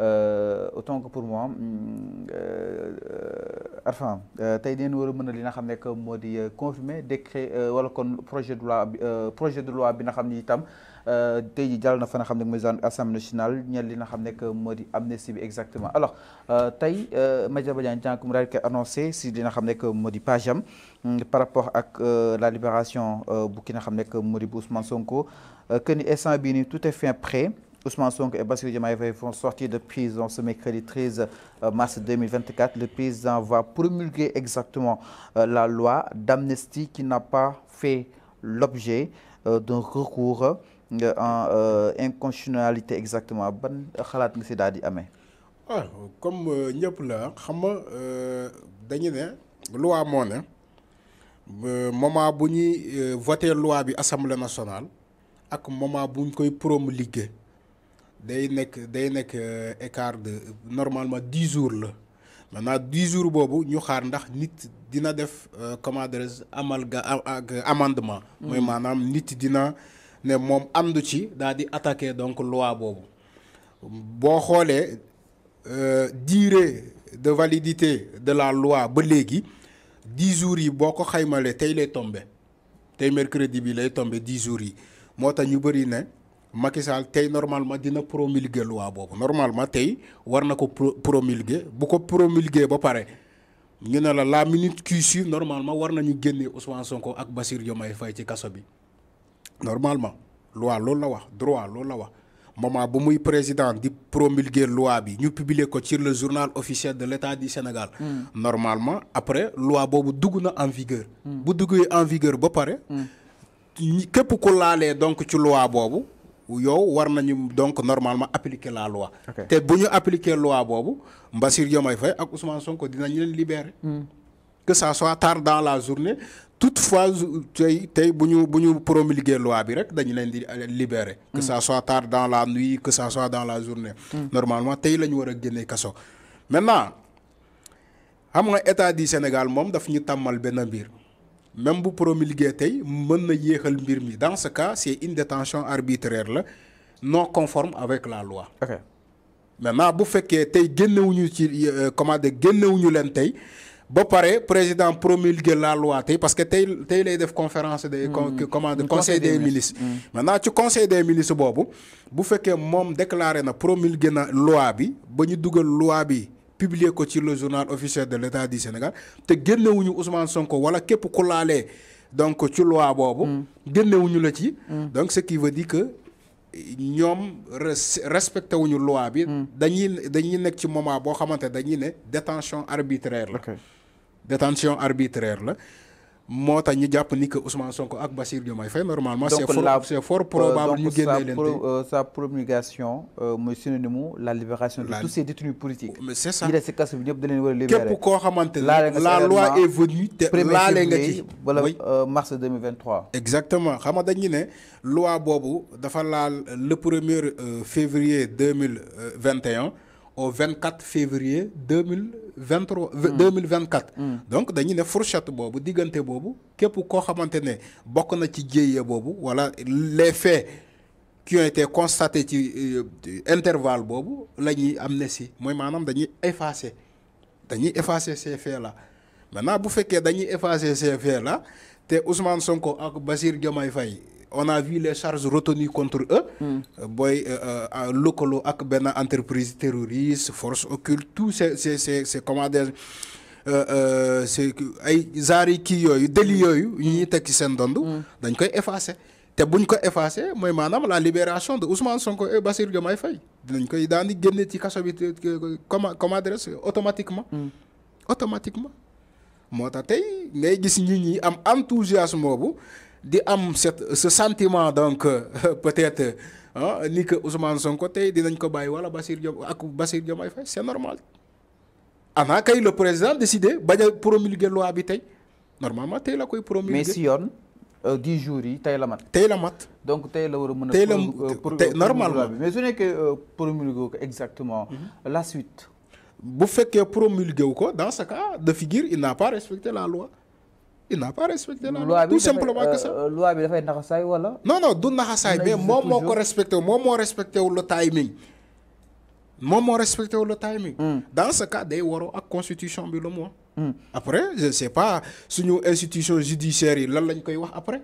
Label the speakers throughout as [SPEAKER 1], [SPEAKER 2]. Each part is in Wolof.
[SPEAKER 1] Euh, autant que pour moi mm, euh, euh, tey dinañ tay a mën a li nga xamné que modi di euh, confirmer décret wala kon projet de loi euh, projet de loi bi nga xamni itam euh, tay ji jàll na fa nga xamné ne assemblée nationale ñeel li nga xam nekk moo di amnistie bi exactement alors tey Madiambal Diagne Diancou tan daal koy annoncé si li nga xamné que modi di mm, par rapport ak la libération euh, bu ki nga xamné que modi Ousmane Sonko que ni instant bi ni tout est fin prêt Ousmane Sonko et Bassirou Diomaye vont sortir de prison ce mercredi 13 euh, mars 2024. Le président va promulguer exactement euh, la loi d'amnistie qui n'a pas fait l'objet euh, d'un recours en inconstitutionnalité exactement. Ban xalaat nga si daal
[SPEAKER 2] ah, comme ñëpp la xam nga dañu né loi mo né moment loi bi l'Assemblée nationale ak moment bu koy promulguer day y day nek euh, écart normalement 10 jours maintenant 10 jours nous ñu xaar ndax nit dina def euh, amendement. Mm. dina ne attaquer donc loi euh, durée de validité de la loi ba 10 jours yi tombé mercredi tombé 10 jours Macky Sall tey normalement dina promulguer loi bobu normalement tay war na promulguer bu ko promulguer ba paré ñu la la minute qui suit normalement war nañu génne Ousmane Sonko ak Bassir Diomaye Faye ci kasso bi normalement loi lool la wax droit lool la wax moment bu muy président di promulguer loi bi ñu publier ko ci le journal officiel de l'État du Sénégal. Mm. normalement après loi bobu duguna en vigueur. Mm. bu duggee en vigueur ba pare. Mm. képp ku laalee donc ci loi boobu. Nous devons donc normalement appliquer la loi. si nous appliquons la loi boobu Mbassir Diomaye Faye ak Ousmane Sonko dinañu leen libérer. Hmm. que ça soit tard dans la journée toutefois si nous bu la loi nous rek dañu euh, libérer. que hmm. ça soit tard dans la nuit que ça soit dans la journée. Hmm. normalement nous devons ñu war maintenant l'État état du Sénégal a daf ñu tàmmal benn mbir même bu promulguer tay mën na mbir mi dans ce cas c'est une détention arbitraire la non conforme avec la loi. ok maintenant bu fekkee tey génnewuñu ci euh, comment de génnewuñu leen tey ba pare président promulgué la loi tey parce que tey tey lay def conférence des. Hmm. comment hmm. de conseil des ministres. Hmm. maintenant ci conseil des ministres boobu bu fekkee moom déclaré na promulgué na loi bi ba ñu dugal loi bi publié ko le journal officiel de l'état du Sénégal te Ousmane Sonko wala donc ci loi mm. la ci. Mm. donc ce qui veut dire que ñom respecté wuñu loi bi. Mm. ci moment détention arbitraire détention arbitraire moo tax ñu jàpp ni que Ousmane Sonko ak Bassir Diomaye Faye normalement c'est fort c'est fort probable que nous leen tey
[SPEAKER 1] euh, sa promulgation euh, mooy synonyme la libération de tous
[SPEAKER 2] ces détenus politiques mais c'est ça Il est ce cas bi nous a libérer képp koo la loi est venue La laale nga ci wala euh, mars 2023 exactement xam nga dañu loi est dafa le le er février 2021 au 24 février 2021 vingt-trois mm. deux mille vingt-quatre mm. donc dañu ne fourchette boobu diggante boobu képp koo xamante ne bokk na ci jéye boobu wala les faits qui ont été constatés ci euh, intervalle boobu la ñuy amnistie mooy maanaam dañuy effacer dañuy effacer ces faits là maintenant bu fekkee dañuy effacer ces faits là te Ousmane Sonko ak Bassirou Diomaye Faye on a vu les charges retenues contre eux. Euh, boy euh, euh, entreprise terroriste force occulte tout ces ces ces ces c'est ay qui kii yooyu délit la libération de Ousmane Sonko et Faye a koy automatiquement. Mm. automatiquement ngay am enthousiasme di am ce sentiment donc euh, peut-être hein, ni que Ousmane Sonko tay dinañ ko bàyyi wala Basir Diop ak basir Diomaye c'est normal ana kay le président décidé bañ promulguer loi bi tay normalement tay la koy promulguer. mais si yoon euh, dix jours yi tay la mat. tay la mat donc tay la war a mën Mais tey la euh, normalement mais promulguer ko exactement. Mm-hmm. la suite. bu fekkee promulguer ko dans ce cas de figure il n'a pas respecté la loi il n'a pas respecté la loi tout simplement que ça euh, loi bi dafay naxasaay wala. non non tout naxasaay mais moom moi, je respecte. moi, moi, respecte le timing. Moi, moi, respecte le timing. Hmm. dans ce cas day waroo à constitution bi le hmm. après je ne sais pas suñu institution judiciaire yi lan lañ koy wax après.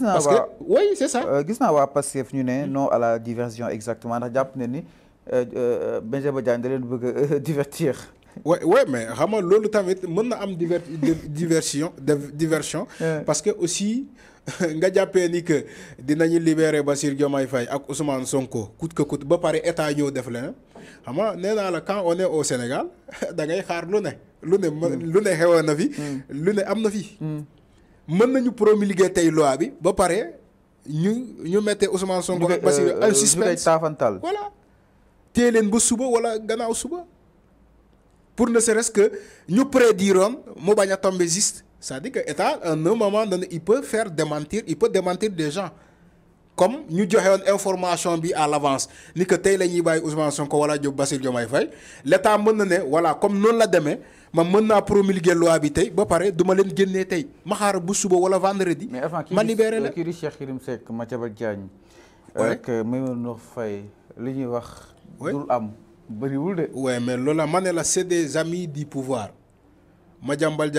[SPEAKER 2] parce que oui c'est ça. Euh,
[SPEAKER 1] gis naa waa Pastef ñu hmm. non à la diversion exactement ndax jàpp ne ni euh, Benjamin
[SPEAKER 2] Diagne da divertir ouais ouais mais vraiment, tamit mën am diversion diversion. parce que aussi nga jappé ni que dinañu libérer libéré Diomaye Faye ak Ousmane Sonko coûte que coûte ba paré état def Mais la quand on est au Sénégal da ngay xaar lu né lu né mm. lu né fi. Mm. lu fi. Mm. nañu promulguer loi bi ba paré ñu ñu Ousmane Sonko ak euh, voilà. suba wala suba pour ne serait-ce que nous prédiroon mu bañ a tombe juste c'est-à-dire que état à un moment donné il peut faire démentir il peut démentir des gens comme nous avons woon information à l'avance ni que tey la ñuy Ousmane Sonko wala Diop Bassirou Diomaye Faye l'état mën na voilà comme noonu la demee ma mën naa promulguer loi bi tey pareil, pare du ma leen génnee tey ma xaar bu suba wala vendredi. ma libéré la mais avant kii
[SPEAKER 1] di Cheikh Yérim Seck Madiambal
[SPEAKER 2] Diagne. oui ak Maimouna Faye li ñuy wax. dul am. Oui, ouais mais lola, Manela, c'est des amis du pouvoir Madjambal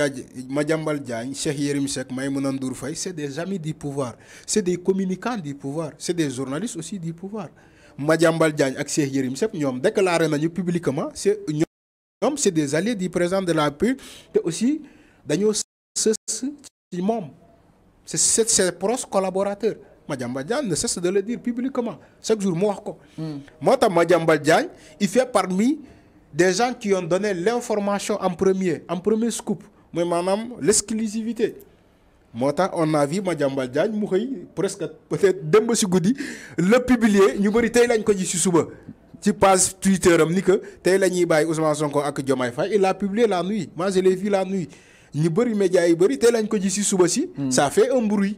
[SPEAKER 2] Diagne Cheikh Yérim Sek, c'est des amis du pouvoir c'est des communicants du pouvoir c'est des journalistes aussi du pouvoir Madjambal Diagne et Cheikh Yérim nous avons déclaré publiquement c'est c'est des alliés du président de la République Et aussi dañoo sës ce c'est ses proches collaborateurs Madiambal Diagne ne cesse de le dire publiquement chaque jour moi wax ko. Diagne il fait parmi des gens qui ont donné l'information en premier en premier scoop moi madame l'exclusivité moi on a vu Madiambal Diagne presque peut-être démb goudi, le publier nous bëri lañ ko Twitter il ni que la il a publié la nuit moi je l'ai vu la nuit il a publié yi bëri hmm. ça fait un bruit.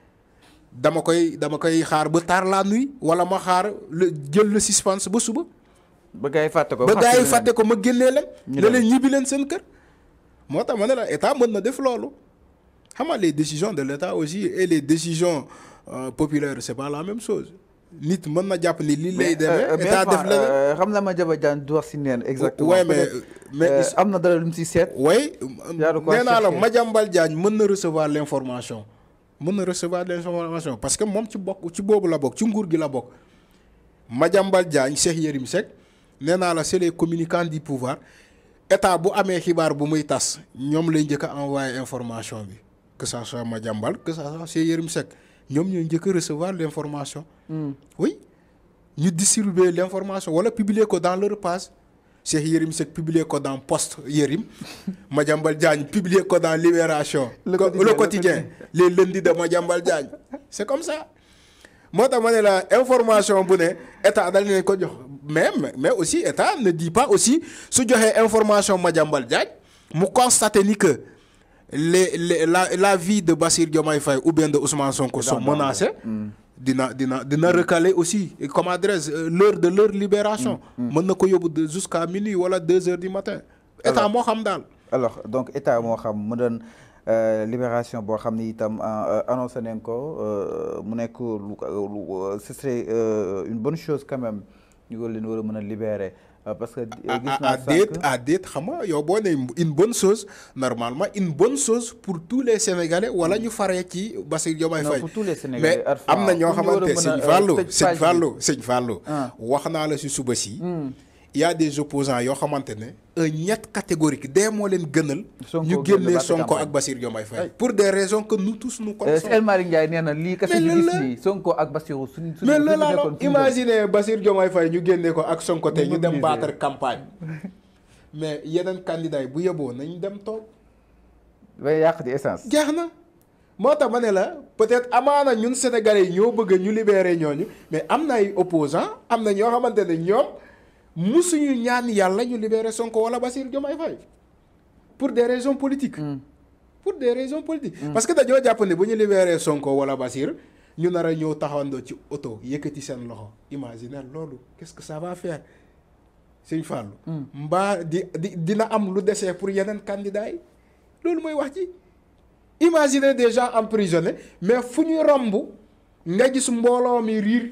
[SPEAKER 2] dama koy dama koy xaar ba taar la nuit wala ma xaar le jël le suspense ba suba.
[SPEAKER 1] ba gars yi ko ba gars yi
[SPEAKER 2] ko ma génnee leen. ñu ne leen ñibbi leen seen kër. moo tax la état mën na def lolu xam les décisions de l'État aussi et les décisions euh, populaires c'est pas la même chose. nit mën na jàpp ni lii lay demee euh, état def la
[SPEAKER 1] euh, xam na ma jaba jaan du wax si neen exactement mais mais amna dara
[SPEAKER 2] lu ci si seet. way nee ma jambal Madiambal Diagne mën na recevoir l'information mën recevoir des informations parce que moom ci bokk ci boobu la bokk ci nguur gi la bokk Madiambal Diagne Cheikh Yérim Seck nee naa la c'est les communicants du pouvoir état bu amee xibaar bu muy tas ñoom lay njëkk a envoyé information bi que ça soit Madiambal que ça soit Cheikh Yérim Seck ñoom ñooy njëkk a recevoir l'information. Hmm. oui ñu distribuer l'information wala publier ko dans leur page c'est Yérim c'est publié quoi dans Poste Yérim Madjambal Diagne publié dans Libération. le quotidien le lundi de Madjambal Diagne c'est comme ça. Moi, tax ma la information état même mais aussi état ne dit pas aussi Si j'ai information Madjambal Diagne mu constate que les la vie de Basir Diomaye ou bien de Ousmane Sonko sont menacés. Mm dina dina dina recaler aussi comme adresse euh, l'heure de leur libération. Mm, mm. mën na ko jusqu'à minuit wala 2 heures du matin. état à xam
[SPEAKER 1] alors donc état à xam donne euh, libération bo xamni ni itam euh, annoncé nañ ko mu nekk ce serait une bonne chose quand même
[SPEAKER 2] ñu war leen libérer. Euh, parce que gis naa déet ah déet xam nga yow une bonne chose normalement une bonne chose pour tous les sénégalais wala ñu faree ci Bassirou Diomaye Faye. pour tous les sénégalais mais am na ñoo xamante sëñ euh, Fallou sëñ Fallou sëñ Fallou ah. wax naa la si suba si. Hmm y a des opposants yo xamantene un ñett catégorique dee mo len gënal. ñu génnee Sonko ak Bassirou diomay fay pour des raisons que nous tous nous connaissons. Euh, El Malick ngay nee li kasse kese gis nii Sonko ak Bassirou suñu suñu. mais loolu la imagine Bassirou Diomaye Faye ñu génnee ko ak Sonko tey ñu dem battre campagne mais yenen candidats bu yeboo nañ dem toog. way yàq di essence. jeex na. moo la peut-être amana ñun Sénégalais ñoo bëgg ñu libérer ñoñu mais amna ay opposants amna na ñoo xamante ne musuñu ñaan yalla ñu libérer Sonko wala Bassirou Diomaye fay pour des raisons politiques. Mm. pour des raisons politiques. Mm. parce que dañoo jàpp ne bu ñu libérer Sonko wala Bassirou ñu nar a ñëw taxawandoo ci auto yëkëti seen loxo imaginaire lolu qu'est-ce que ça va faire Sëñ Fallou. Hmm. mba di di dina am lu desee pour yenen candidats yi loolu mooy wax ci imaginer des gens emprisonnés mais fu ñu romb nga gis mbolo mi rire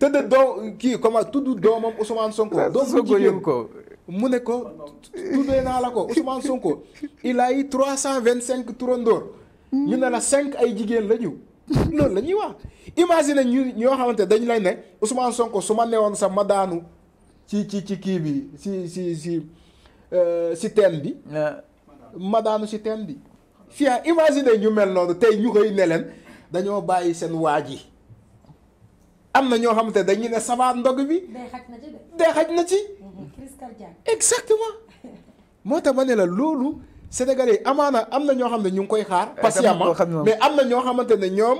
[SPEAKER 2] tëdd doom kii comment tudd doomam Ousmane Sonko. doom bu jigéen ko mu ne ko tuddee naa la ko Ousmane Sonko il a eu trois cent vingt cinq turandoor hmm. ñu ne la cinq ay jigéen la ñu loolu lañuy ñuy wax imagine ñu ñoo xamante dañ lay ne Ousmane Sonko su ma woon sax ma daanu ci ci ci kii bi si si si euh, si teen bi ah. ma daanu si teen bi fii imagine ñu mel noonu tey ñu koy ne leen dañoo bàyyi seen waaj yi dañuy bi.
[SPEAKER 3] na ci mhm.
[SPEAKER 2] exactement. moo tax ma ne la loolu Sénégalais yi amaana am na ñoo xam ne ñu koy xaar. Eh, mais am na ñoo xamante ne ñoom.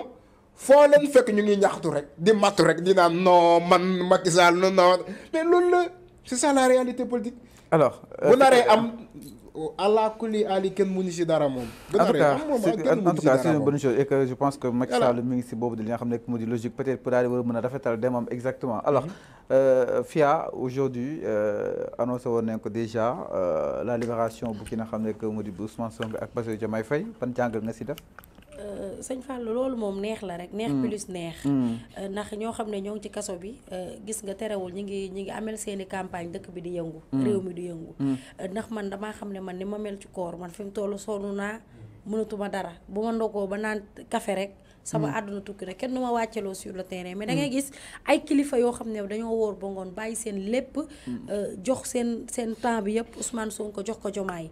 [SPEAKER 2] foo leen fekk ñu ngi ñaxtu rek di mattu rek di naan non man Macky non mais loolu c'est ça la réalité politique.
[SPEAKER 1] alors euh, bu am.
[SPEAKER 2] Euh, allah kulli ali ken mënu si dara mom en tout cas c'est une bonne chose et
[SPEAKER 1] que je pense que Macky Sall mi ngi si boobu li nga xamné ko modi logique peut-être pour aller di war a mën rafetal demam exactement alors mhm. euh, FIA aujourd'hui euh, annoncé woon nañ ko déjà euh, la libération bu ki nga xamné ne modi Ousmane Sonko ak Bassirou Diomaye Faye ban jangal nga si def.
[SPEAKER 3] Euh, sëñ fàll loolu moom neex la rek. neex mm. plus neex. Mm. Euh, ndax ñoo xam ne ñoo ci kaso bi euh, gis nga terewul ñi ngi ñi ngi amel seen i campagne dëkk bi di yëngu. Mm. réew mi di yëngu. ndax man damaa xam ne man ni ma mel ci koor man fi mu toll sonn naa mënatuma dara bu ma ndogoo ba naan kafe rek. sama àdduna tukki na kenn du ma wàcceloo sur le terrain mais da ngay gis ay kilifa yoo xam ne dañoo wóor ba ngoon bàyyi seen lépp jox seen seen temps bi yëpp Ousmane Sonko jox ko jomaay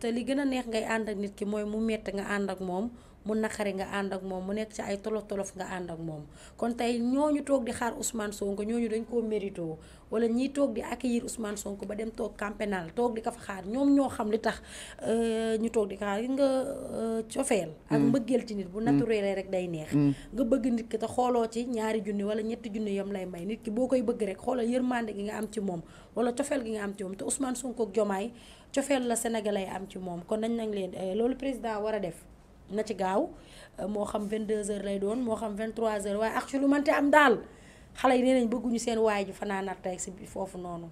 [SPEAKER 3] te li gën a neex ngay ànd ak nit ki mooy mu mett nga ànd ak moom mu naqari nga and ak mom mu nek ci ay tolof tolof nga and ak mom kon tay ñoñu tok di xaar Ousmane Sonko ñoñu dañ ko mérito wala ñi tok di accueillir Ousmane Sonko ba dem tok camp pénal di ka fa xaar ñom ño xam li tax euh, ñu tok di xaar nga euh, ciofel ak mm. mbëggeel ci nit bu mm. naturel rek day neex mm. nga bëgg nit ki ta xolo ci ñaari junni wala ñetti junni yam lay may nit ki bokay bëgg rek xolo yermande gi nga am ci mom wala ciofel gi nga am ci mom te Ousmane Sonko ak Jomaay ciofel la Sénégalais am ci mom kon nañ nañ leen euh, lolu président wara def na ci gaaw euh, moo xam 22h lay doon mo xam 23h way ak ci lu mënti am dal xale yi nee nañ seen way ji fanaanaat tey si fofu noonu.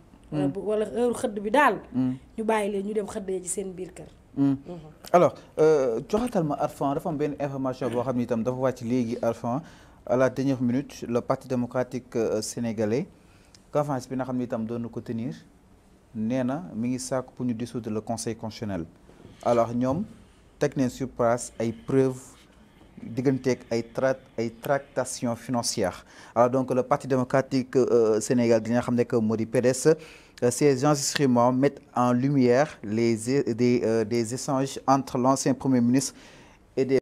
[SPEAKER 3] wala heure xëdd bi dal hmm. ñu bàyyi leen ñu dem xëddee ji seen biir kër. Hmm. Hmm.
[SPEAKER 1] alors euh joxatal ma Arfan dafa am benn information bo xam ne itam dafa wacc légui Arfan à la dernière minute le parti démocratique euh, sénégalais conférence bi nga xam ne itam doon ko tenir néna mi ngi sàkk pour ñu dissoudre le conseil constitutionnel alors ñoom avec une sur place ay preuves digganteeg ay tractations financières alors donc le parti démocratique euh, Sénégal gi que euh, ces instruments mettent en lumière les euh, des échanges entre l'ancien premier ministre